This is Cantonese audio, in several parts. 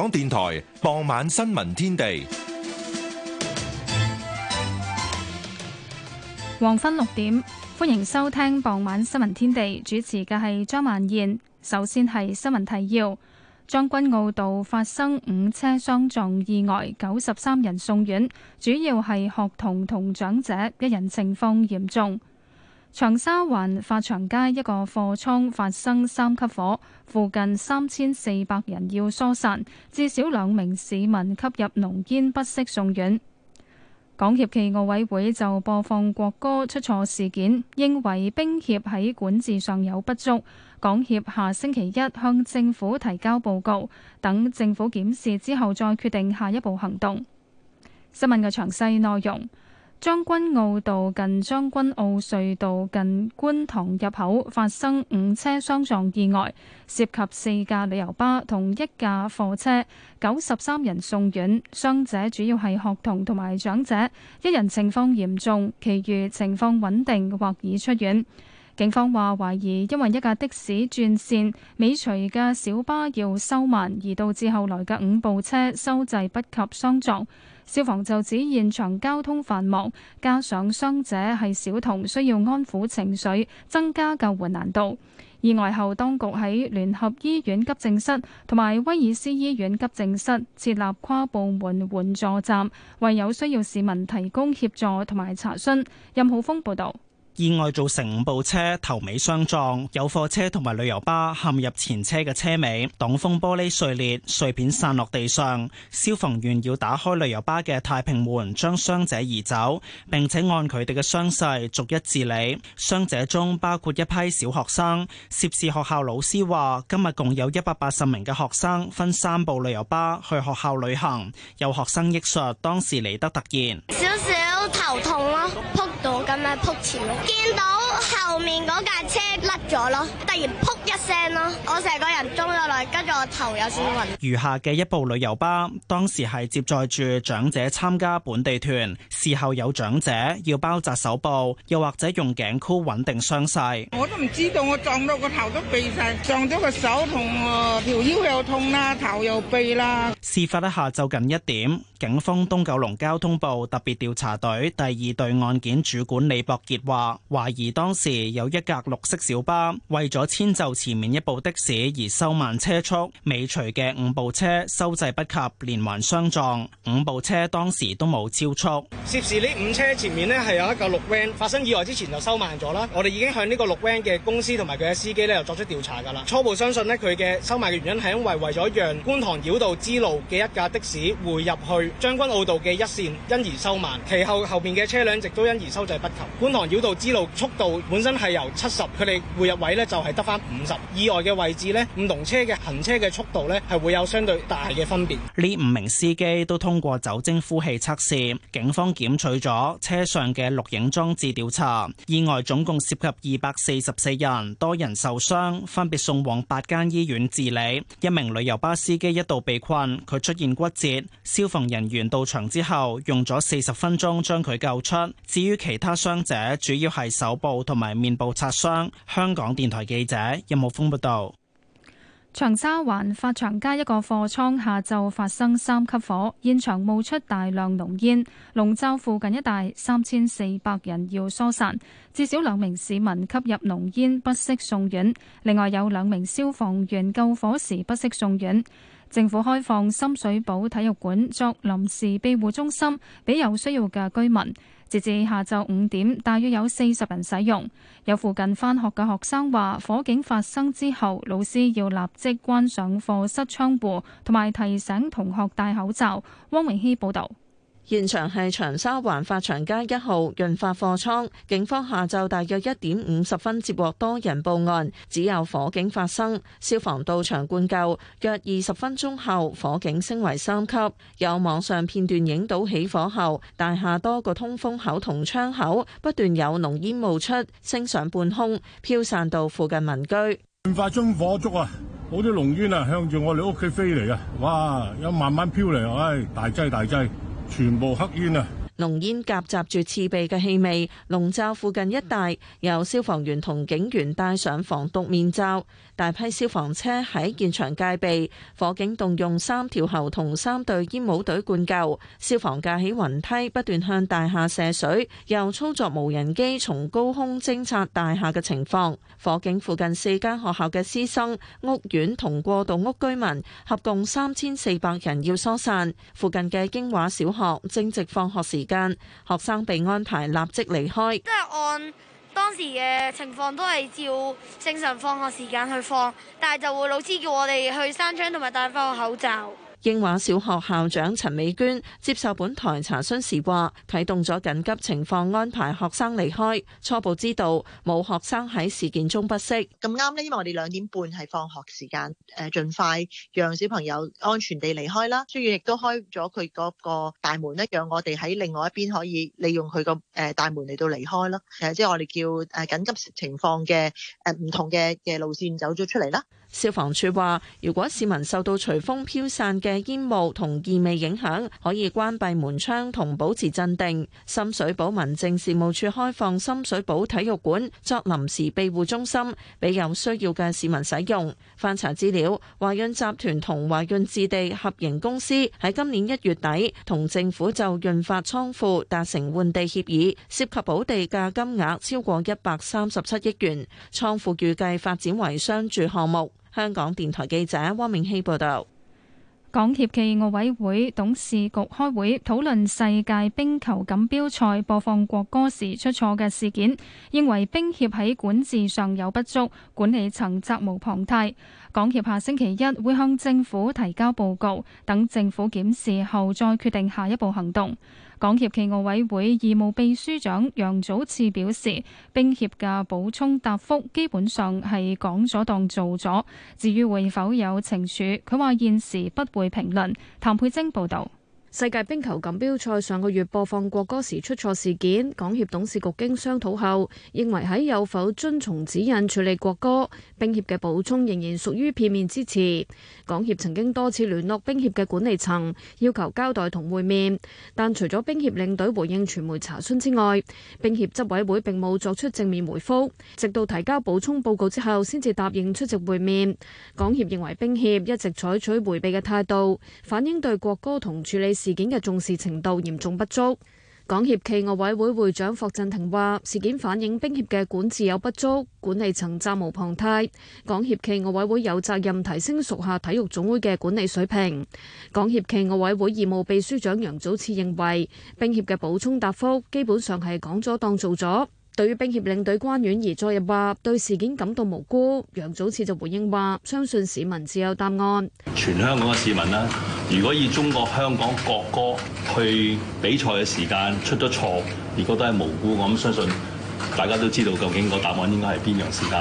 港電台傍晚新聞天地，黃昏六點，歡迎收聽傍晚新聞天地，主持嘅係張萬燕。首先係新聞提要：將軍澳道發生五車相撞意外，九十三人送院，主要係學童同長者，一人情況嚴重。長沙灣發祥街一個貨倉發生三級火，附近三千四百人要疏散，至少兩名市民吸入濃煙，不適送院。港協暨奧委會就播放國歌出錯事件，認為冰協喺管治上有不足。港協下星期一向政府提交報告，等政府檢視之後再決定下一步行動。新聞嘅詳細內容。將軍澳道近將軍澳隧道近觀塘入口發生五車相撞意外，涉及四架旅遊巴同一架貨車，九十三人送院，傷者主要係學童同埋長者，一人情況嚴重，其餘情況穩定或已出院。警方話懷疑因為一架的士轉線尾隨嘅小巴要收慢，而導致後來嘅五部車收掣不及相撞。消防就指現場交通繁忙，加上傷者係小童，需要安撫情緒，增加救援難度。意外後，當局喺聯合醫院急症室同埋威爾斯醫院急症室設立跨部門援助站，為有需要市民提供協助同埋查詢。任浩峰報導。意外造成五部車頭尾相撞，有貨車同埋旅遊巴陷入前車嘅車尾，擋風玻璃碎裂，碎片散落地上。消防員要打開旅遊巴嘅太平門，將傷者移走，並且按佢哋嘅傷勢逐一治理。傷者中包括一批小學生。涉事學校老師話，今日共有一百八十名嘅學生分三部旅遊巴去學校旅行。有學生憶述，當時嚟得突然，少少頭痛咯、啊。撲、啊、前咯，見到後面嗰架車甩咗咯，突然撲。一聲咯，我成個人中咗落，跟住我頭有少少暈。餘下嘅一部旅遊巴，當時係接載住長者參加本地團，事後有長者要包紮手部，又或者用頸箍穩定傷勢。我都唔知道，我撞到個頭都痹晒，撞咗個手同條腰又痛啦，頭又痹啦。避事發喺下晝近一點，警方東九龍交通部特別調查隊第二隊案件主管李博杰話，懷疑當時有一架綠色小巴為咗遷就。前面一部的士而收慢車速，尾隨嘅五部車收掣不及，連環相撞。五部車當時都冇超速。涉事呢五車前面呢，係有一架綠 van，發生意外之前就收慢咗啦。我哋已經向呢個綠 van 嘅公司同埋佢嘅司機咧又作出調查噶啦。初步相信呢，佢嘅收慢嘅原因係因為為咗讓觀塘繞道支路嘅一架的士匯入去將軍澳道嘅一線，因而收慢。其後後邊嘅車輛直都因而收掣不及。觀塘繞道支路速度本身係由七十，佢哋匯入位呢，就係得翻五。意外嘅位置呢，唔同車嘅行車嘅速度呢，係會有相對大嘅分別。呢五名司機都通過酒精呼氣測試，警方檢取咗車上嘅錄影裝置調查，意外總共涉及二百四十四人，多人受傷，分別送往八間醫院治理。一名旅遊巴司機一度被困，佢出現骨折，消防人員到場之後用咗四十分鐘將佢救出。至於其他傷者，主要係手部同埋面部擦傷，香港電台記者。莫鋒報道：長沙灣發祥街一個貨倉下晝發生三級火，現場冒出大量濃煙，籠罩附近一帶三千四百人要疏散，至少兩名市民吸入濃煙不適送院，另外有兩名消防員救火時不適送院。政府開放深水埗體育館作臨時庇護中心，俾有需要嘅居民。截至下晝五點，大約有四十人使用。有附近返學嘅學生話：火警發生之後，老師要立即關上課室窗戶，同埋提醒同學戴口罩。汪榮熙報導。現場係長沙灣發祥街一號潤發貨倉，警方下晝大約一點五十分接獲多人報案，指有火警發生，消防到場灌救。約二十分鐘後，火警升為三級。有網上片段影到起火後，大廈多個通風口同窗口不斷有濃煙冒出，升上半空，飄散到附近民居。潤發中火燭啊！好多濃煙啊，向住我哋屋企飛嚟啊！哇，有慢慢飄嚟，唉、哎，大劑大劑。全部黑冤啊！濃煙夾雜住刺鼻嘅氣味，籠罩附近一帶。有消防員同警員戴上防毒面罩，大批消防車喺現場戒備。火警動用三條喉同三隊煙霧隊灌救，消防架起雲梯不斷向大廈射水，又操作無人機從高空偵察大廈嘅情況。火警附近四間學校嘅師生、屋苑同過渡屋居民合共三千四百人要疏散。附近嘅京華小學正值放學時。間學生被安排立即離開，即係按當時嘅情況都係照正常放學時間去放，但係就會老師叫我哋去閂窗同埋戴翻個口罩。英華小學校長陳美娟接受本台查詢時話，啟動咗緊急情況，安排學生離開，初步知道冇學生喺事件中不適。咁啱呢，因為我哋兩點半係放學時間，誒，盡快讓小朋友安全地離開啦。所以亦都開咗佢嗰個大門咧，讓我哋喺另外一邊可以利用佢個誒大門嚟到離開啦。誒，即係我哋叫誒緊急情況嘅誒唔同嘅嘅路線走咗出嚟啦。消防處話，如果市民受到隨風飄散嘅煙霧同異味影響，可以關閉門窗同保持鎮定。深水埗民政事務處開放深水埗體育館作臨時庇護中心，畀有需要嘅市民使用。翻查資料，華潤集團同華潤置地合營公司喺今年一月底同政府就潤發倉庫達成換地協議，涉及補地價金額超過一百三十七億元，倉庫預計發展為商住項目。香港電台記者汪明希報道，港協暨奧委會董事局開會討論世界冰球錦標賽播放國歌時出錯嘅事件，認為冰協喺管治上有不足，管理層責無旁貸。港協下星期一會向政府提交報告，等政府檢視後再決定下一步行動。港協暨奧委會義務秘書長楊祖賜表示，冰協嘅補充答覆基本上係講咗當做咗。至於會否有懲處，佢話現時不會評論。譚佩晶報導。世界冰球錦標賽上個月播放國歌時出錯事件，港協董事局經商討後，認為喺有否遵從指引處理國歌，冰協嘅補充仍然屬於片面之詞，港協曾經多次聯絡冰協嘅管理層，要求交代同會面，但除咗冰協領隊回應傳媒查詢之外，冰協執委會並冇作出正面回覆。直到提交補充報告之後，先至答應出席會面。港協認為冰協一直採取回避嘅態度，反映對國歌同處理。事件嘅重視程度嚴重不足。港協暨奧委會會長霍震霆話：事件反映冰協嘅管治有不足，管理層責無旁貸。港協暨奧委會有責任提升屬下體育總會嘅管理水平。港協暨奧委會義務秘書長楊祖賜認為，冰協嘅補充答覆基本上係講咗當做咗。對於冰協領隊關婉怡昨日話對事件感到無辜，楊祖賜就回應話：相信市民自有答案。全香港嘅市民啦，如果以中國香港國歌去比賽嘅時間出咗錯，如果都係無辜咁，相信大家都知道究竟個答案應該係邊樣時間。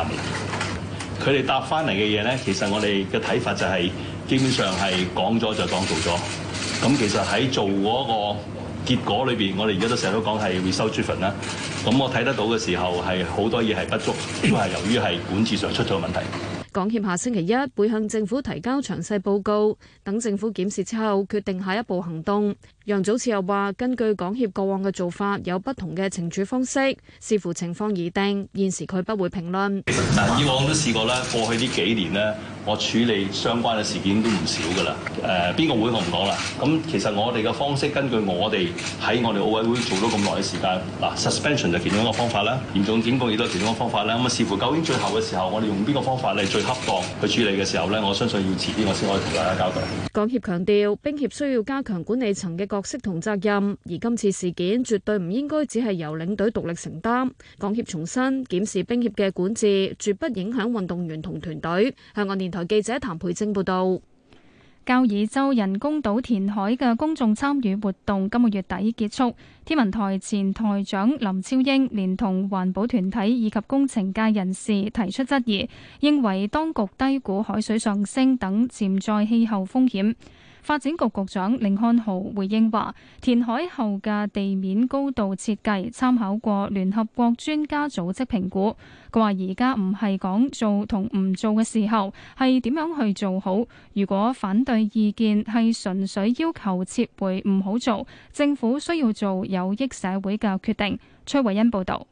佢哋答翻嚟嘅嘢咧，其實我哋嘅睇法就係、是、基本上係講咗就當做咗。咁其實喺做嗰個。結果裏邊，我哋而家都成日都講係會收住份啦。咁我睇得到嘅時候係好多嘢係不足，都係 由於係管治上出咗問題。港協下星期一會向政府提交詳細報告，等政府檢視之後決定下一步行動。楊祖次又話：根據港協過往嘅做法，有不同嘅懲處方式，視乎情況而定。現時佢不會評論。嗱，以往都試過啦，過去呢幾年呢。我處理相關嘅事件都唔少噶啦，誒、呃、邊個會我唔講啦。咁其實我哋嘅方式，根據我哋喺我哋奧委會做咗咁耐嘅時間，嗱、啊、suspension 就其中一個方法啦，嚴重警告亦都其中嘅方法啦。咁啊視乎究竟最後嘅時候，我哋用邊個方法嚟最恰當去處理嘅時候呢？我相信要遲啲我先可以同大家交代。港協強調，冰協需要加強管理層嘅角色同責任，而今次事件絕對唔應該只係由領隊獨立承擔。港協重申，檢視冰協嘅管治，絕不影響運動員同團隊。香港電台台記者譚培清報道，交椅洲人工島填海嘅公眾參與活動今個月底結束。天文台前台長林超英連同環保團體以及工程界人士提出質疑，認為當局低估海水上升等潛在氣候風險。發展局局長凌漢豪回應話，填海後嘅地面高度設計參考過聯合國專家組織評估。佢話而家唔係講做同唔做嘅時候，係點樣去做好。如果反對意見係純粹要求撤回唔好做，政府需要做有益社會嘅決定。崔惠恩報道。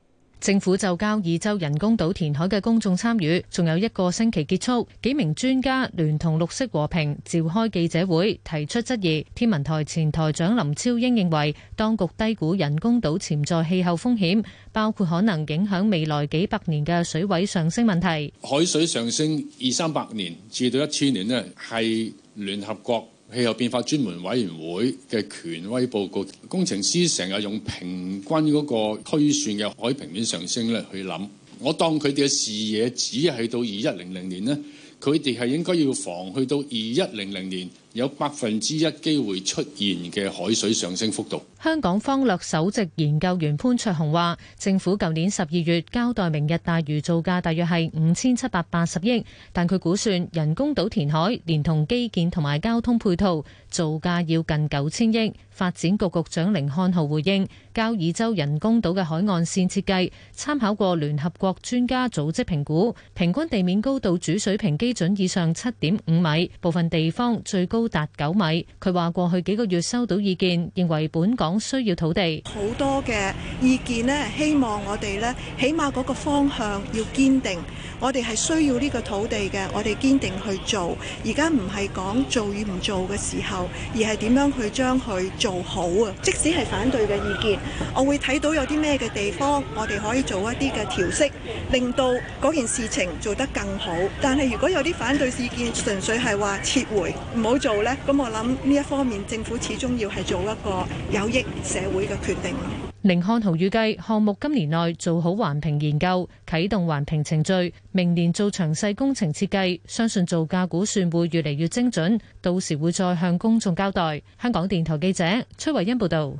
政府就交椅洲人工島填海嘅公眾參與，仲有一個星期結束。幾名專家聯同綠色和平召開記者會，提出質疑。天文台前台長林超英認為，當局低估人工島潛在氣候風險，包括可能影響未來幾百年嘅水位上升問題。海水上升二三百年至到一千年咧，係聯合國氣候變化專門委員會嘅權威報告，工程師成日用平均嗰個推算嘅海平面上升去諗，我當佢哋嘅視野只係到二一零零年咧，佢哋係應該要防去到二一零零年。有百分之一機會出現嘅海水上升幅度。香港方略首席研究員潘卓雄話，政府舊年十二月交代明日大漁造價大約係五千七百八十億，但佢估算人工島填海連同基建同埋交通配套造價要近九千億。發展局局長甯漢豪回應，交椅洲人工島嘅海岸線設計參考過聯合國專家組織評估，平均地面高度主水平基準以上七點五米，部分地方最高達九米。佢話過去幾個月收到意見，認為本港需要土地，好多嘅意見咧，希望我哋咧起碼嗰個方向要堅定。我哋係需要呢個土地嘅，我哋堅定去做。而家唔係講做與唔做嘅時候，而係點樣去將佢做好啊！即使係反對嘅意見，我會睇到有啲咩嘅地方，我哋可以做一啲嘅調息令到嗰件事情做得更好。但係如果有啲反對事件，純粹係話撤回，唔好做。咁我諗呢一方面，政府始終要係做一個有益社會嘅決定。寧漢豪預計項目今年內做好環評研究，啟動環評程序，明年做詳細工程設計，相信造價估算會越嚟越精準，到時會再向公眾交代。香港電台記者崔慧欣報道。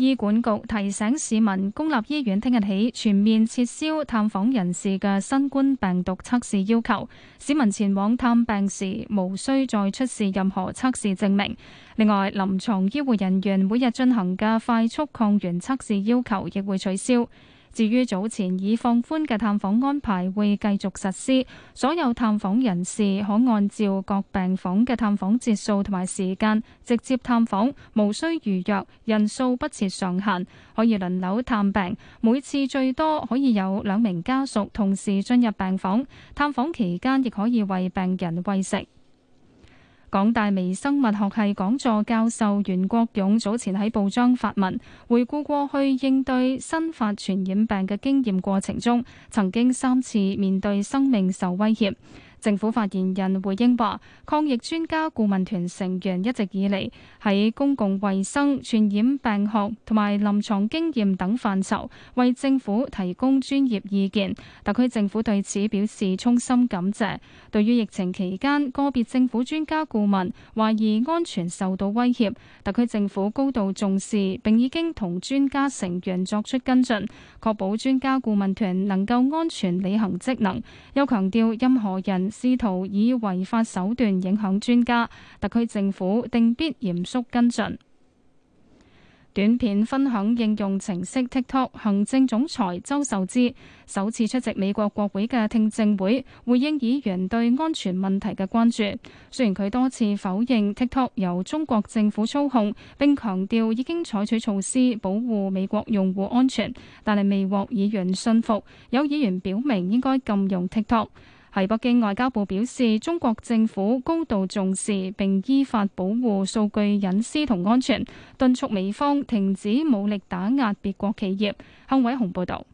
醫管局提醒市民，公立醫院聽日起全面撤銷探訪人士嘅新冠病毒測試要求，市民前往探病時，無需再出示任何測試證明。另外，臨牀醫護人員每日進行嘅快速抗原測試要求亦會取消。至於早前已放寬嘅探訪安排會繼續實施，所有探訪人士可按照各病房嘅探訪節數同埋時間直接探訪，無需預約，人數不設上限，可以輪流探病，每次最多可以有兩名家屬同時進入病房，探訪期間亦可以為病人餵食。港大微生物學系講座教授袁國勇早前喺報章發文，回顧過去應對新發傳染病嘅經驗過程中，曾經三次面對生命受威脅。政府發言人回應話，抗疫專家顧問團成員一直以嚟喺公共衛生、傳染病學同埋臨床經驗等範疇為政府提供專業意見，特區政府對此表示衷心感謝。對於疫情期間個別政府專家顧問懷疑安全受到威脅，特區政府高度重視，並已經同專家成員作出跟進，確保專家顧問團能夠安全履行職能，又強調任何人，試圖以違法手段影響專家，特區政府定必嚴肅跟進。短片分享應用程式 TikTok 行政總裁周受資首次出席美國國會嘅聽證會，回應議員對安全問題嘅關注。雖然佢多次否認 TikTok 由中國政府操控，並強調已經採取措施保護美國用戶安全，但係未獲議員信服。有議員表明應該禁用 TikTok。喺北京外交部表示，中國政府高度重視並依法保護數據隱私同安全，敦促美方停止武力打壓別國企業。向偉雄報導。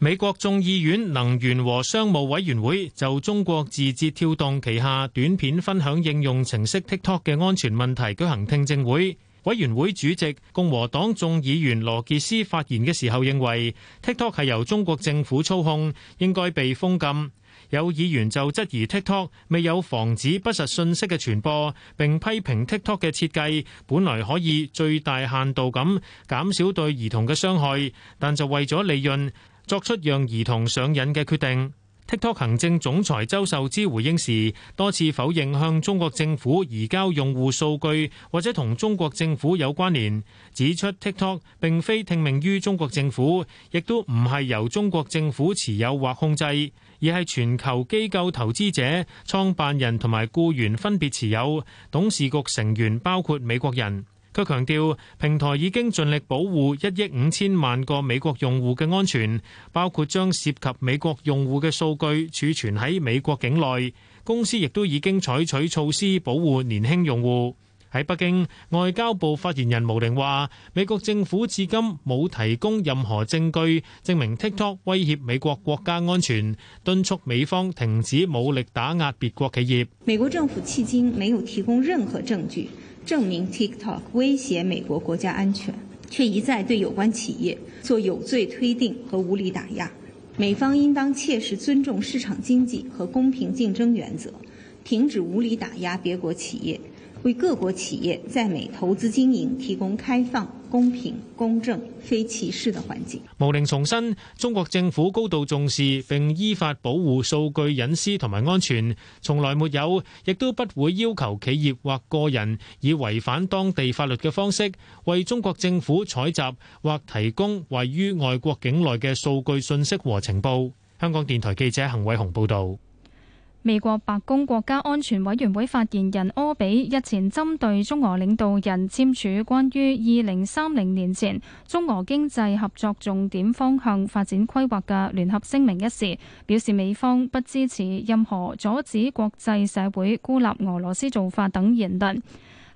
美國眾議院能源和商務委員會就中國字節跳動旗下短片分享應用程式 TikTok 嘅安全問題舉行聽證會。委員會主席共和黨眾議員羅傑斯發言嘅時候認為，TikTok 係由中國政府操控，應該被封禁。有議員就質疑 TikTok 未有防止不實信息嘅傳播，並批評 TikTok 嘅設計本來可以最大限度咁減少對兒童嘅傷害，但就為咗利潤作出讓兒童上癮嘅決定。TikTok 行政總裁周受資回應時多次否認向中國政府移交用戶數據或者同中國政府有關聯，指出 TikTok 並非聽命於中國政府，亦都唔係由中國政府持有或控制。而係全球機構投資者、創辦人同埋僱員分別持有董事局成員，包括美國人。佢強調，平台已經盡力保護一億五千萬個美國用戶嘅安全，包括將涉及美國用戶嘅數據儲存喺美國境內。公司亦都已經採取措施保護年輕用戶。喺北京，外交部發言人毛寧話，美國政府至今冇提供任何證據證明 TikTok 威脅美國國家安全，敦促美方停止武力打壓別國企業。美國政府迄今沒有提供任何證據證明 TikTok 威脅美國國家安全，卻一再對有關企業做有罪推定和無理打壓。美方應當切實尊重市場經濟和公平競爭原則，停止無理打壓別國企業，為各國企業在美投資經營提供開放、公平、公正、非歧視的環境。毛寧重申，中國政府高度重視並依法保護數據隱私同埋安全，從來沒有，亦都不會要求企業或個人以違反當地法律嘅方式為中國政府採集或提供位於外國境內嘅數據信息和情報。香港電台記者恒偉雄報道。美國白宮國家安全委員會發言人柯比日前針對中俄領導人簽署關於二零三零年前中俄經濟合作重點方向發展規劃嘅聯合聲明一事，表示美方不支持任何阻止國際社會孤立俄羅斯做法等言論。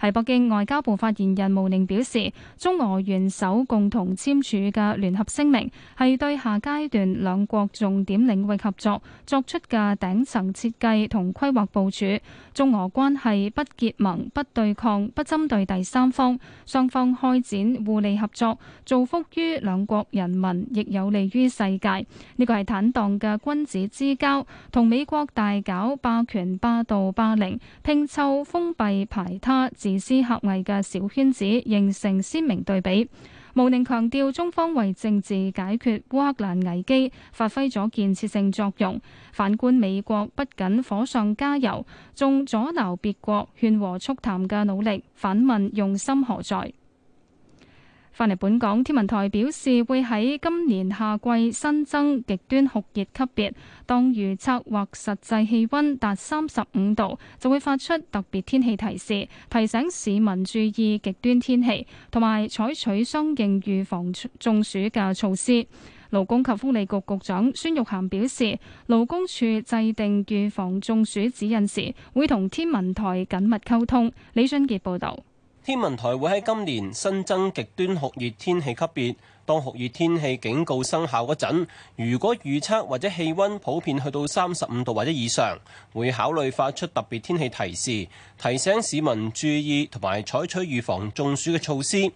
喺北京外交部發言人毛寧表示，中俄元首共同簽署嘅聯合聲明係對下階段兩國重點領域合作作出嘅頂層設計同規劃部署。中俄關係不結盟、不對抗、不針對第三方，雙方開展互利合作，造福於兩國人民，亦有利於世界。呢個係坦蕩嘅君子之交，同美國大搞霸權、霸道、霸凌，拼湊、封閉、排他。尼斯合毅嘅小圈子形成鮮明對比。毛寧強調，中方為政治解決烏克蘭危機發揮咗建設性作用。反觀美國，不僅火上加油，仲阻撓別國勸和促談嘅努力，反問用心何在？返嚟本港，天文台表示會喺今年夏季新增極端酷熱級別，當預測或實際氣溫達三十五度，就會發出特別天氣提示，提醒市民注意極端天氣，同埋採取相應預防中暑嘅措施。勞工及福利局局，局長孫玉菡表示，勞工處制定預防中暑指引時，會同天文台緊密溝通。李俊傑報道。天文台會喺今年新增極端酷熱天氣級別。當酷熱天氣警告生效嗰陣，如果預測或者氣溫普遍去到三十五度或者以上，會考慮發出特別天氣提示，提醒市民注意同埋採取預防中暑嘅措施。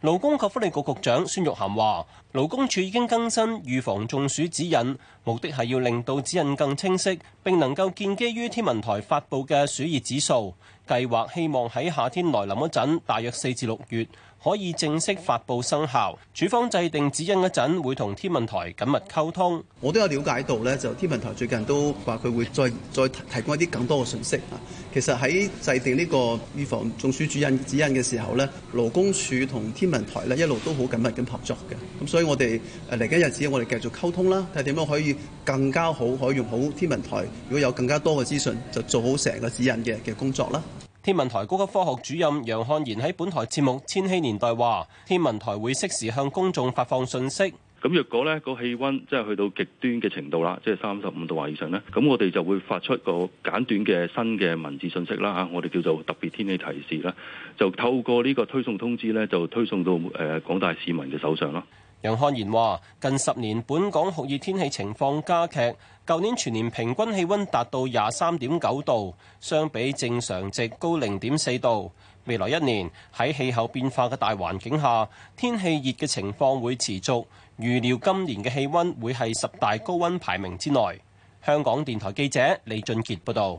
勞工及福利局局長孫玉菡話，勞工處已經更新預防中暑指引，目的係要令到指引更清晰，並能夠建基於天文台發布嘅暑熱指數。計劃希望喺夏天來臨嗰陣，大約四至六月，可以正式發布生效。處方制定指引嗰陣，會同天文台緊密溝通。我都有了解到咧，就天文台最近都話佢會再再提，提供一啲更多嘅信息啊。其實喺制定呢個預防中暑指引指引嘅時候咧，勞工處同天文台咧一路都好緊密咁合作嘅。咁所以我哋嚟緊日子，我哋繼續溝通啦。睇點樣可以更加好，可以用好天文台。如果有更加多嘅資訊，就做好成個指引嘅嘅工作啦。天文台高級科學主任楊漢賢喺本台節目《千禧年代》話，天文台會適時向公眾發放信息。咁若果呢個氣溫即係去到極端嘅程度啦，即係三十五度或以上呢，咁我哋就會發出一個簡短嘅新嘅文字信息啦，吓，我哋叫做特別天氣提示啦，就透過呢個推送通知呢，就推送到誒廣大市民嘅手上咯。楊漢賢話：近十年本港酷熱天氣情況加劇，舊年全年平均氣溫達到廿三點九度，相比正常值高零點四度。未來一年喺氣候變化嘅大環境下，天氣熱嘅情況會持續。預料今年嘅氣溫會係十大高温排名之內。香港電台記者李俊杰報道。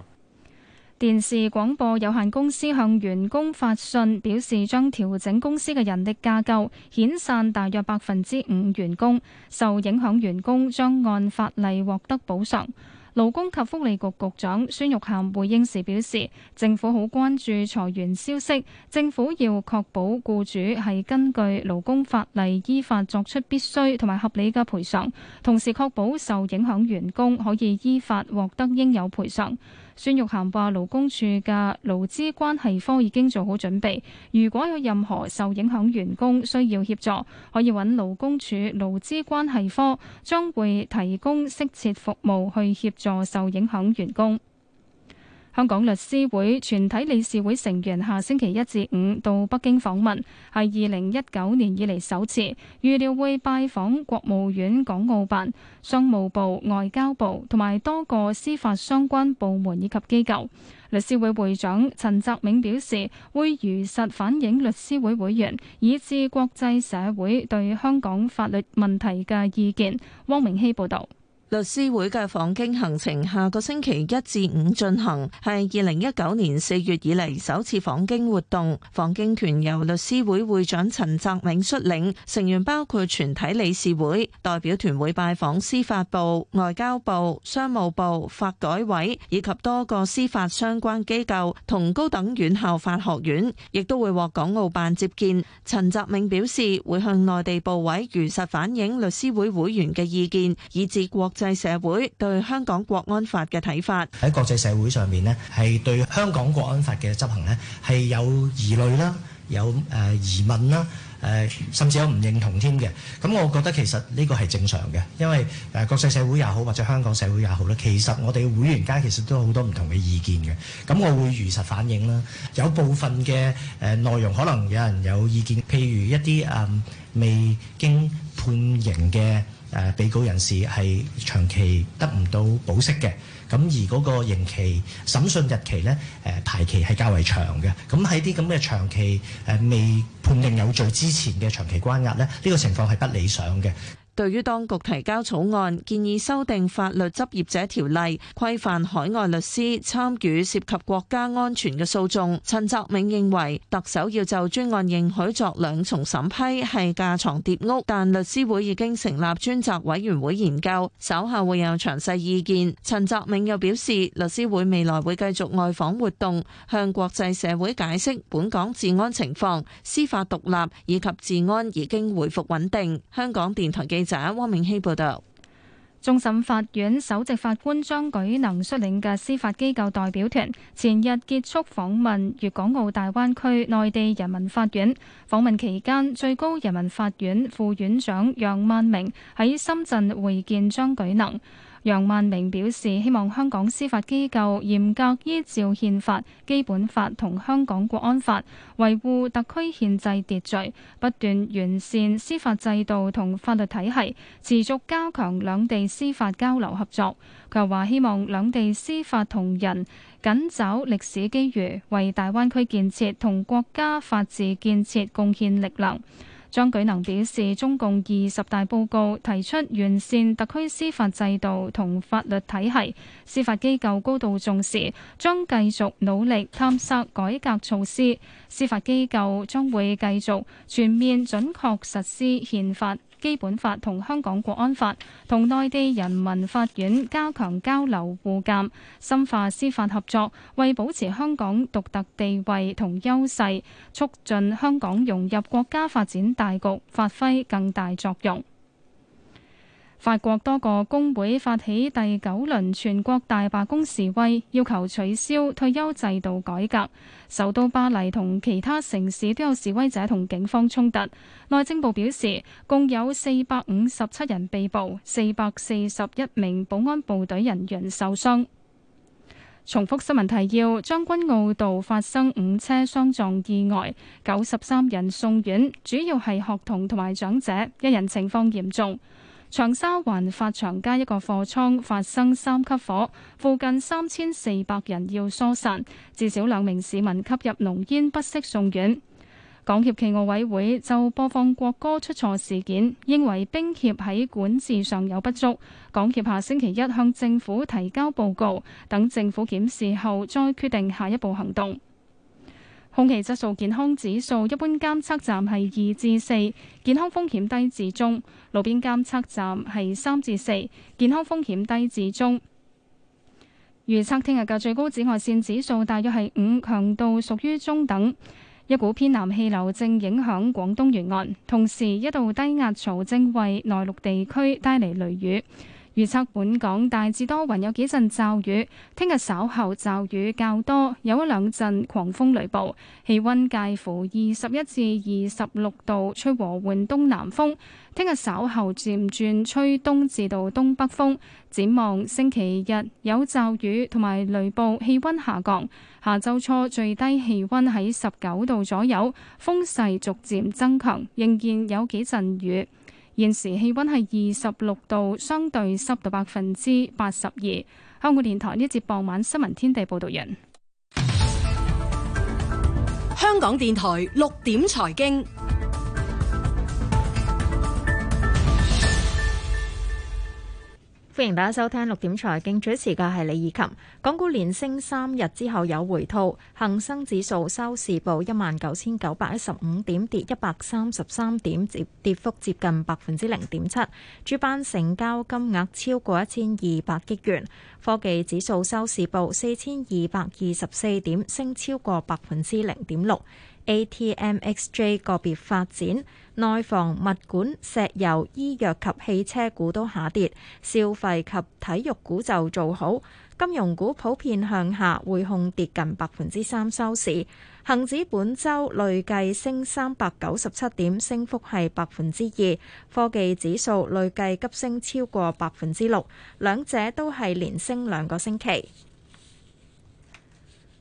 電視廣播有限公司向員工發信，表示將調整公司嘅人力架構，遣散大約百分之五員工。受影響員工將按法例獲得補償。勞工及福利局局，局長孫玉菡回應時表示，政府好關注裁員消息，政府要確保僱主係根據勞工法例依法作出必須同埋合理嘅賠償，同時確保受影響員工可以依法獲得應有賠償。孫玉涵話：勞工處嘅勞資關係科已經做好準備，如果有任何受影響員工需要協助，可以揾勞工處勞資關係科，將會提供適切服務去協助受影響員工。香港律師會全體理事會成員下星期一至五到北京訪問，係二零一九年以嚟首次，預料會拜訪國務院、港澳辦、商務部、外交部同埋多個司法相關部門以及機構。律師會會長陳澤銘表示，會如實反映律師會會員以至國際社會對香港法律問題嘅意見。汪明希報導。律師會嘅訪京行程下個星期一至五進行，係二零一九年四月以嚟首次訪京活動。訪京團由律師會會長陳澤銘率領，成員包括全體理事會。代表團會拜訪司法部、外交部、商務部、法改委以及多個司法相關機構同高等院校法學院，亦都會獲港澳辦接見。陳澤銘表示，會向內地部委如實反映律師會會員嘅意見，以至國國際社會對香港國安法嘅睇法，喺國際社會上面呢，係對香港國安法嘅執行呢，係有疑慮啦，有誒疑問啦，誒甚至有唔認同添嘅。咁我覺得其實呢個係正常嘅，因為誒國際社會也好，或者香港社會也好咧,其實我哋會員間其實都有好多唔同嘅意見嘅。咁我會如實反映啦。有部分嘅誒內容可能有人有意見，譬如一啲誒未經判刑嘅。誒、呃、被告人士係長期得唔到保釋嘅，咁而嗰個刑期審訊日期呢，誒、呃、排期係較為長嘅。咁喺啲咁嘅長期誒、呃、未判定有罪之前嘅長期關押呢，呢、呢個情況係不理想嘅。對於當局提交草案，建議修訂法律執業者條例，規範海外律師參與涉及國家安全嘅訴訟，陳澤銘認為特首要就專案認許作兩重審批係架床疊屋，但律師會已經成立專責委員會研究，稍後會有詳細意見。陳澤銘又表示，律師會未來會繼續外訪活動，向國際社會解釋本港治安情況、司法獨立以及治安已經回復穩定。香港電台記者。汪明希報道，終審法院首席法官張舉能率領嘅司法機構代表團前日結束訪問粵港澳大灣區內地人民法院。訪問期間，最高人民法院副院長楊萬明喺深圳會見張舉能。楊萬明表示，希望香港司法機構嚴格依照憲法、基本法同香港國安法，維護特區憲制秩序，不斷完善司法制度同法律體系，持續加強兩地司法交流合作。佢又話，希望兩地司法同仁緊抓歷史機遇，為大灣區建設同國家法治建設貢獻力量。張舉能表示，中共二十大報告提出完善特區司法制度同法律體系，司法機構高度重視，將繼續努力探索改革措施。司法機構將會繼續全面準確實施憲法、基本法同香港國安法，同內地人民法院加強交流互鑒，深化司法合作，為保持香港獨特地位同優勢，促進香港融入國家發展大局，發揮更大作用。法國多個工會發起第九輪全國大罷工示威，要求取消退休制度改革。首都巴黎同其他城市都有示威者同警方衝突。內政部表示，共有四百五十七人被捕，四百四十一名保安部隊人員受傷。重復新聞提要：將軍澳道發生五車相撞意外，九十三人送院，主要係學童同埋長者，一人情況嚴重。長沙灣發祥街一個貨倉發生三級火，附近三千四百人要疏散，至少兩名市民吸入濃煙，不適送院。港協暨奧委會就播放國歌出錯事件，認為冰協喺管治上有不足。港協下星期一向政府提交報告，等政府檢視後再決定下一步行動。空氣質素健康指數一般監測站係二至四，健康風險低至中。路邊監測站係三至四，健康風險低至中。預測聽日嘅最高紫外線指數大約係五，強度屬於中等。一股偏南氣流正影響廣東沿岸，同時一道低壓槽正為內陸地區帶嚟雷雨。預測本港大致多雲，有幾陣驟雨。聽日稍後驟雨較多，有一兩陣狂風雷暴。氣溫介乎二十一至二十六度，吹和緩東南風。聽日稍後漸轉吹東至到東北風。展望星期日有驟雨同埋雷暴，氣溫下降。下周初最低氣溫喺十九度左右，風勢逐漸增強，仍然有幾陣雨。現時氣溫係二十六度，相對濕度百分之八十二。香港電台呢一節傍晚新聞天地報道人。香港電台六點財經。歡迎大家收聽六點財經，主持嘅係李以琴。港股連升三日之後有回吐，恒生指數收市報一萬九千九百一十五點跌，點跌一百三十三點，跌幅接近百分之零點七。主板成交金額超過一千二百億元，科技指數收市報四千二百二十四點，升超過百分之零點六。ATMXJ 個別發展，內房、物管、石油、醫藥及汽車股都下跌，消費及體育股就做好。金融股普遍向下，匯控跌近百分之三收市。恆指本周累計升三百九十七點，升幅係百分之二。科技指數累計急升超過百分之六，兩者都係連升兩個星期。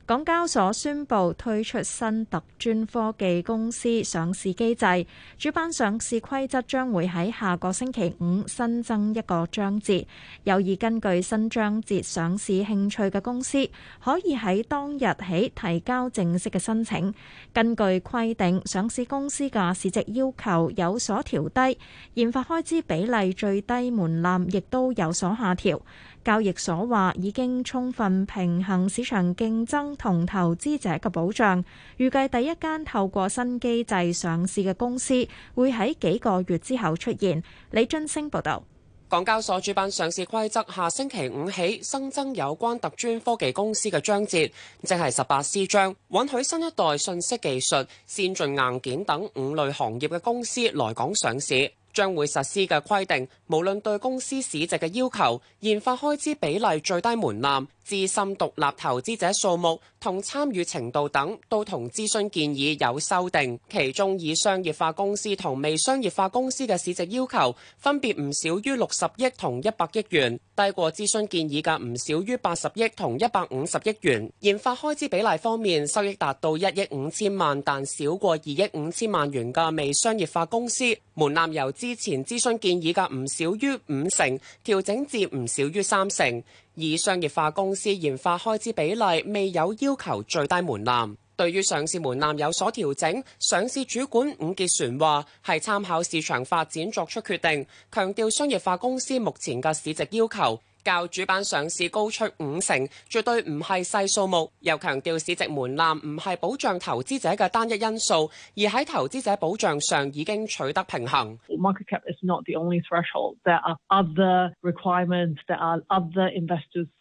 港交所宣布推出新特專科技公司上市機制，主板上市規則將會喺下個星期五新增一個章節，有意根據新章節上市興趣嘅公司，可以喺當日起提交正式嘅申請，根據規定，上市公司嘅市值要求有所調低，研發開支比例最低門檻亦都有所下調。交易所話已經充分平衡市場競爭同投資者嘅保障，預計第一間透過新機制上市嘅公司會喺幾個月之後出現。李俊升報導。港交所主板上市規則下星期五起新增有關特專科技公司嘅章節，即係十八 C 章，允許新一代信息技術、先進硬件等五類行業嘅公司來港上市。將會實施嘅規定，無論對公司市值嘅要求、研發開支比例最低門檻、資深獨立投資者數目同參與程度等，都同諮詢建議有修訂。其中以商業化公司同未商業化公司嘅市值要求，分別唔少於六十億同一百億元，低過諮詢建議嘅唔少於八十億同一百五十億元。研發開支比例方面，收益達到一億五千萬但少過二億五千萬元嘅未商業化公司，門檻由之前諮詢建議嘅唔少於五成，調整至唔少於三成。以商業化公司研發開支比例，未有要求最低門檻。對於上市門檻有所調整，上市主管伍潔璇話係參考市場發展作出決定，強調商業化公司目前嘅市值要求。較主板上市高出五成，絕對唔係細數目。又強調市值門檻唔係保障投資者嘅單一因素，而喺投資者保障上已經取得平衡。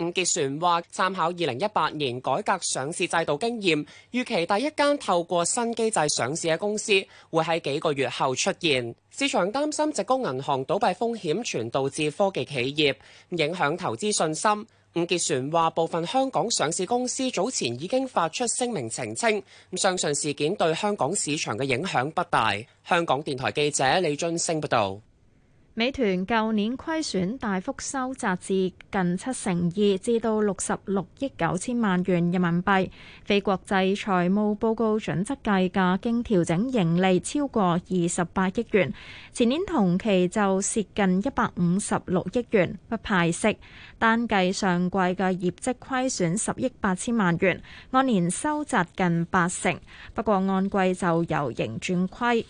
伍潔璇話：參考二零一八年改革上市制度經驗，預期第一間透過新機制上市嘅公司會喺幾個月後出現。市場擔心矽谷銀行倒閉風險傳導致科技企業影響投資信心。伍潔璇話：部分香港上市公司早前已經發出聲明澄清，相信事件對香港市場嘅影響不大。香港電台記者李俊升報道。美團舊年虧損大幅收窄至近七成二，至到六十六億九千萬元人民幣。非國際財務報告準則計價，經調整盈利超過二十八億元。前年同期就蝕近一百五十六億元，不派息。單計上季嘅業績虧損十億八千萬元，按年收窄近八成。不過按季就由盈轉虧。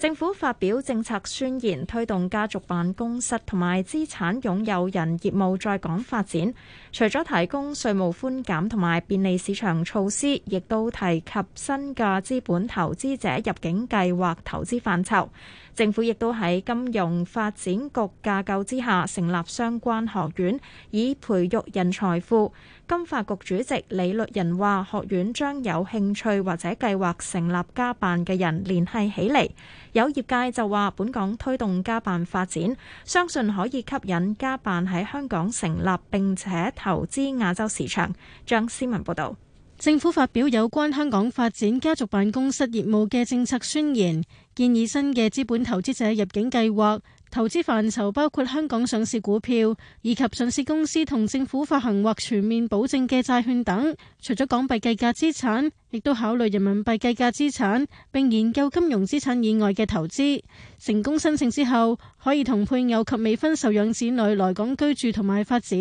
政府發表政策宣言，推動家族辦公室同埋資產擁有人業務在港發展。除咗提供稅務寬減同埋便利市場措施，亦都提及新嘅資本投資者入境計劃投資範疇。政府亦都喺金融發展局架構之下成立相關學院，以培育人才庫。金發局主席李律仁話，學院將有興趣或者計劃成立家辦嘅人聯繫起嚟。有業界就話本港推動家辦發展，相信可以吸引家辦喺香港成立並且投資亞洲市場。張思文報道，政府發表有關香港發展家族辦公室業務嘅政策宣言，建議新嘅資本投資者入境計劃。投資範疇包括香港上市股票以及上市公司同政府發行或全面保證嘅債券等，除咗港幣計價資產，亦都考慮人民幣計價資產，並研究金融資產以外嘅投資。成功申請之後，可以同配偶及未婚受養子女來港居住同埋發展。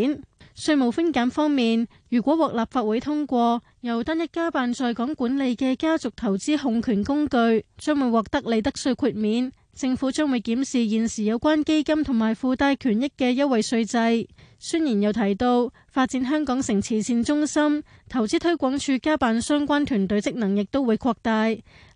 稅務寬減方面，如果獲立法會通過，由單一家辦在港管理嘅家族投資控權工具，將會獲得利得稅豁免。政府將會檢視現時有關基金同埋附帶權益嘅優惠稅制。宣言又提到，發展香港成慈善中心，投資推廣署加辦相關團隊職能亦都會擴大。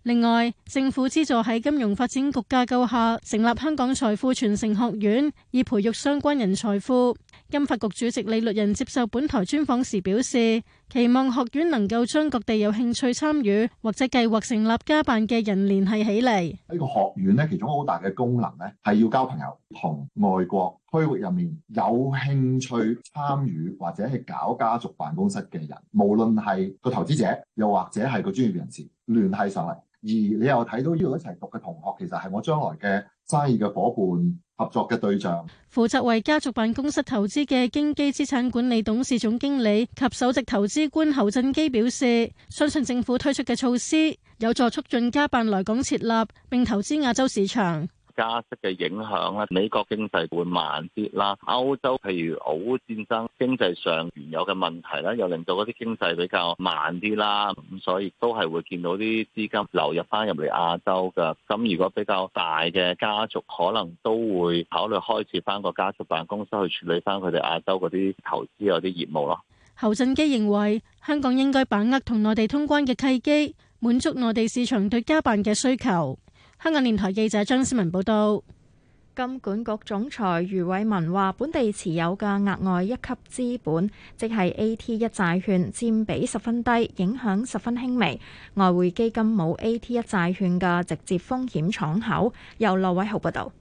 另外，政府資助喺金融發展局架構下成立香港財富傳承學院，以培育相關人才庫。金發局主席李律仁接受本台專訪時表示，期望學院能夠將各地有興趣參與或者計劃成立家辦嘅人聯繫起嚟。呢個學院咧，其中好大嘅功能咧，係要交朋友，同外國區域入面有興趣參與或者係搞家族辦公室嘅人，無論係個投資者，又或者係個專業人士，聯繫上嚟。而你又睇到呢度一齊讀嘅同學，其實係我將來嘅生意嘅夥伴。合作嘅對象，負責為家族辦公室投資嘅京基資產管理董事總經理及首席投資官侯振基表示，相信政府推出嘅措施有助促進家辦來港設立，並投資亞洲市場。加息嘅影響咧，美國經濟會慢啲啦。歐洲譬如俄烏戰爭，經濟上原有嘅問題咧，又令到嗰啲經濟比較慢啲啦。咁所以都係會見到啲資金流入翻入嚟亞洲嘅。咁如果比較大嘅家族，可能都會考慮開始翻個家族辦公室去處理翻佢哋亞洲嗰啲投資嗰啲業務咯。侯振基認為香港應該把握同內地通關嘅契機，滿足內地市場對家辦嘅需求。香港電台記者張思文報道。金管局總裁余偉文話，本地持有嘅額外一級資本，即係 AT1 債券，佔比十分低，影響十分輕微。外匯基金冇 AT1 債券嘅直接風險敞口。由劉偉豪報道。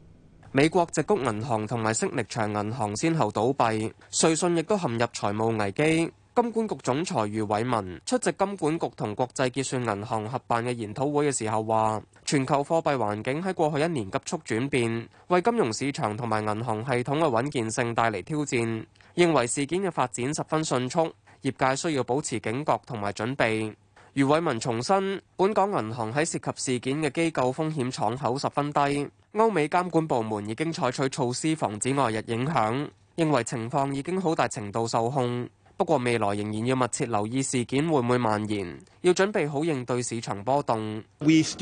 美國直谷銀行同埋息力翔銀行先後倒閉，瑞信亦都陷入財務危機。金管局總裁余偉文出席金管局同國際結算銀行合辦嘅研討會嘅時候，話全球貨幣環境喺過去一年急速轉變，為金融市場同埋銀行系統嘅穩健性帶嚟挑戰。認為事件嘅發展十分迅速，業界需要保持警覺同埋準備。余偉文重申，本港銀行喺涉及事件嘅機構風險敞口十分低，歐美監管部門已經採取措施防止外溢影響，認為情況已經好大程度受控。不過未來仍然要密切留意事件會唔會蔓延，要準備好應對市場波動。瑞士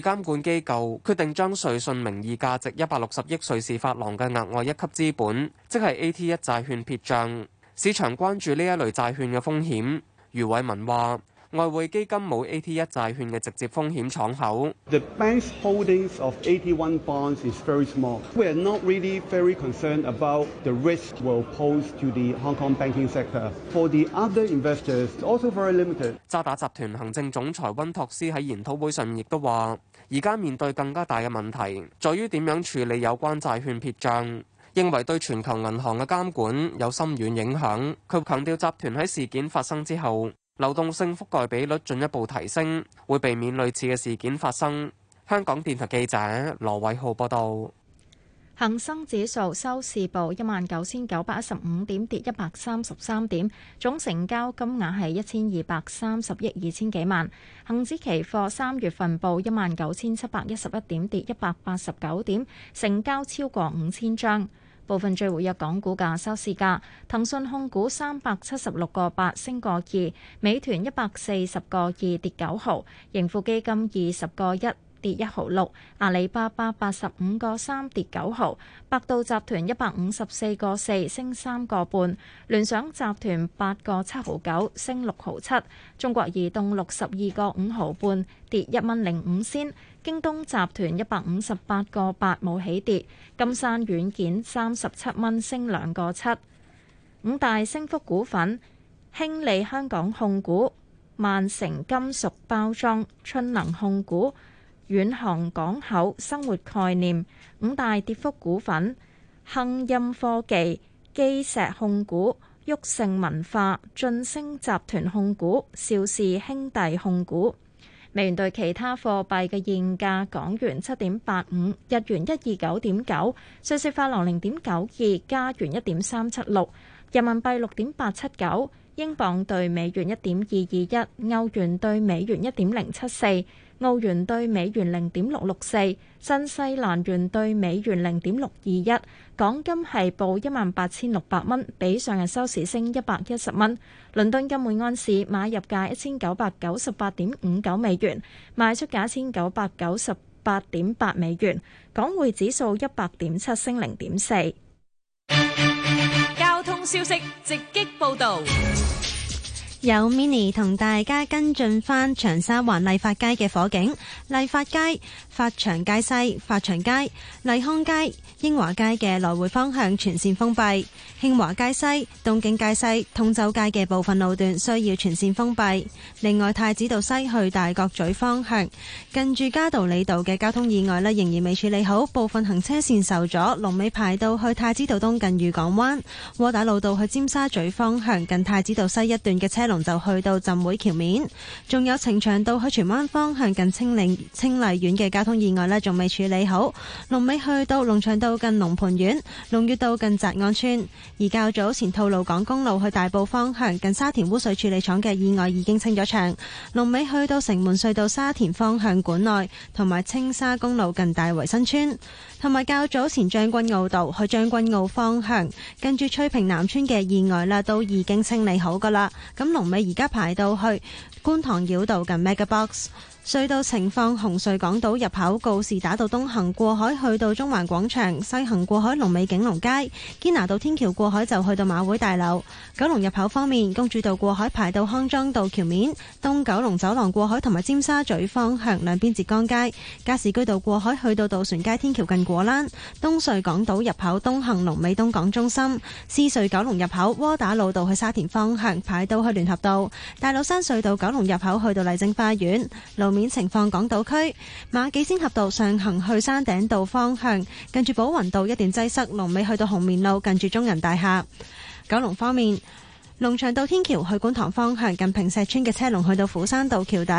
監管機構決定將瑞信名義價值160億瑞士法郎嘅額外一級資本，即係 AT1 債券撇賬，市場關注呢一類債券嘅風險。余偉文話，外匯基金冇 AT1 債券嘅直接風險敞口。The also very limited. 渣打集團行政總裁溫托斯喺研討會上亦都話。而家面對更加大嘅問題，在於點樣處理有關債券撇帳，認為對全球銀行嘅監管有深遠影響。佢強調集團喺事件發生之後，流動性覆蓋比率進一步提升，會避免類似嘅事件發生。香港電台記者羅偉浩報道。恒生指數收市報一萬九千九百一十五點，跌一百三十三點，總成交金額係一千二百三十億二千幾萬。恒指期貨三月份報一萬九千七百一十一點，跌一百八十九點，成交超過五千張。部分最活躍港股價收市價：騰訊控股三百七十六個八升個二，美團一百四十個二跌九毫，盈富基金二十個一。跌一毫六，1> 1. 6, 阿里巴巴八十五個三跌九毫，百度集團一百五十四個四升三個半，聯想集團八個七毫九升六毫七，中國移動六十二個五毫半跌一蚊零五仙，京東集團一百五十八個八冇起跌，金山軟件三十七蚊升兩個七，五大升幅股份：興利香港控股、萬城金屬包裝、春能控股。遠航港口生活概念五大跌幅股份：亨鑫科技、基石控股、旭盛文化、晉升集團控股、邵氏兄弟控股。美元兌其他貨幣嘅現價：港元七點八五，日元一二九點九，瑞士法郎零點九二，加元一點三七六，人民幣六點八七九，英鎊兌美元一點二二一，歐元兌美元一點零七四。澳元兌美元零點六六四，新西蘭元兌美元零點六二一，港金係報一萬八千六百蚊，比上日收市升一百一十蚊。倫敦金每安士買入價一千九百九十八點五九美元，賣出價一千九百九十八點八美元。港匯指數一百點七升零點四。交通消息，直擊報導。有 Minnie 同大家跟進返長沙灣麗發街嘅火警，麗發街、發祥街西、發祥街、麗康街、英華街嘅來回方向全線封閉，興華街西、東京街西、通州街嘅部分路段需要全線封閉。另外，太子道西去大角咀方向，近住嘉道理道嘅交通意外咧仍然未處理好，部分行車線受阻，龍尾排到去太子道東近裕港灣，窩打老道去尖沙咀方向近太子道西一段嘅車龍，就去到浸會橋面，仲有呈祥道去荃灣方向近青嶺、青麗苑嘅交通意外呢，仲未處理好。龍尾去到龍翔道近龍蟠苑、龍悅道近澤安村。而較早前吐露港公路去大埔方向近沙田污水處理廠嘅意外已經清咗場，龍尾去到城門隧道沙田方向管內同埋青沙公路近大圍新村。同埋較早前將軍澳道去將軍澳方向跟住翠屏南村嘅意外啦，都已經清理好㗎喇。咁龍尾而家排到去觀塘繞道近 Mega Box。隧道情況：紅隧港島入口告士打道東行過海去到中環廣場，西行過海龍尾景隆街；堅拿道天橋過海就去到馬會大樓。九龍入口方面，公主道過海排到康莊道橋面，東九龍走廊過海同埋尖沙咀方向兩邊浙江街；加士居道過海去到渡船街天橋近果欄。東隧港島入口東行龍尾東港中心；獅隧九龍入口窩打老道去沙田方向排到去聯合道。大老山隧道九龍入口去到麗晶花園路。面情況，港島區馬己仙峽道上行去山頂道方向，近住寶雲道一段擠塞，龍尾去到紅棉路，近住中銀大廈。九龍方面，龍翔道天橋去觀塘方向，近坪石村嘅車龍去到斧山道橋底；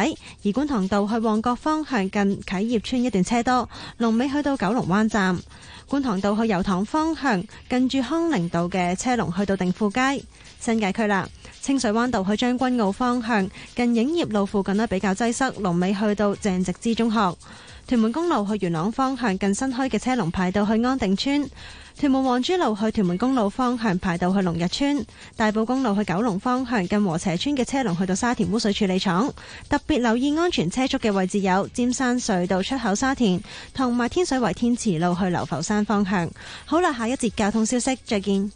而觀塘道去旺角方向，近啟業村一段車多，龍尾去到九龍灣站。觀塘道去油塘方向，近住康寧道嘅車龍去到定富街，新界區啦。清水灣道，去將軍澳方向，近影業路附近呢，比較擠塞，龍尾去到鄭植之中學。屯門公路去元朗方向，近新開嘅車龍排到去安定村。屯門黃珠路去屯門公路方向，排到去龍日村。大埔公路去九龍方向，近禾輋村嘅車龍去到沙田污水處理廠。特別留意安全車速嘅位置有尖山隧道出口沙田，同埋天水圍天慈路去流浮山方向。好啦，下一節交通消息，再見。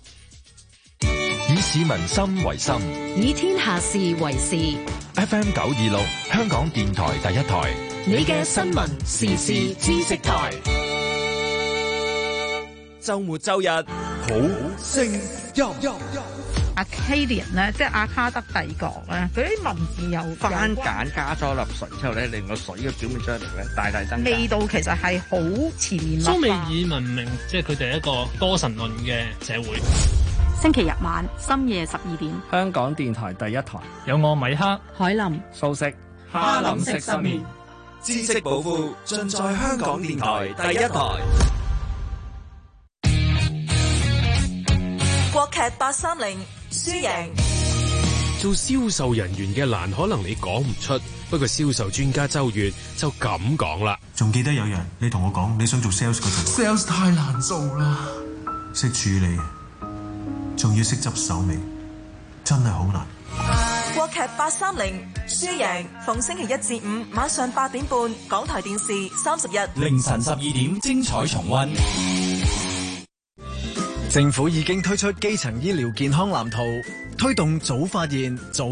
以市民心為心，以天下事為事。FM 九二六，香港電台第一台。你嘅新聞、時事、知識台。周末、周日好聲音。Assyria 咧，即係阿卡德帝國咧，佢啲文字又翻鹼加咗粒水之後咧，令個水嘅表面出嚟，咧大大增加。味道其實係好甜辣。蘇美爾文明即係佢哋一個多神論嘅社會。星期日晚深夜十二點，香港電台第一台有我米克、海林、素食、哈林識失眠。知識寶庫盡在香港電台第一台。國劇八三零輸贏，做銷售人員嘅難可能你講唔出，不過銷售專家周月就咁講啦。仲記得有人你同我講你想做 sales 嗰陣，sales 太難做啦，識處理。仲要識執手尾，真係好難。國劇八三零輸贏，逢星期一至五晚上八點半，港台電視三十日凌晨十二點精彩重溫。政府已經推出基層醫療健康藍圖，推動早發現、早。